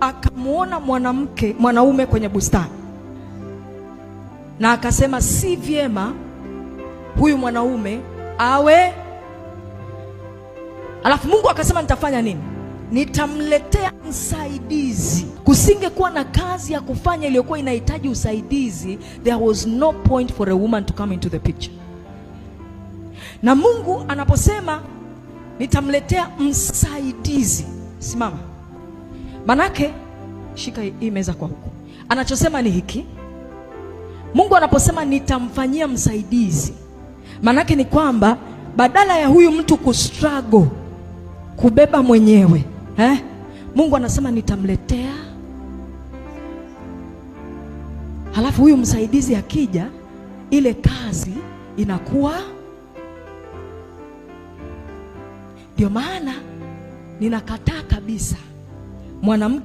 akamwona mwanamke mwanaume kwenye bustani, na akasema si vyema huyu mwanaume awe. Alafu Mungu akasema nitafanya nini? Nitamletea msaidizi. Kusingekuwa na kazi ya kufanya iliyokuwa inahitaji usaidizi, there was no point for a woman to come into the picture. Na Mungu anaposema nitamletea msaidizi, simama Manake shika hii meza kwa huku, anachosema ni hiki. Mungu anaposema nitamfanyia msaidizi, manake ni kwamba badala ya huyu mtu kustruggle kubeba mwenyewe eh, Mungu anasema nitamletea, halafu huyu msaidizi akija, ile kazi inakuwa. Ndio maana ninakataa kabisa mwanamke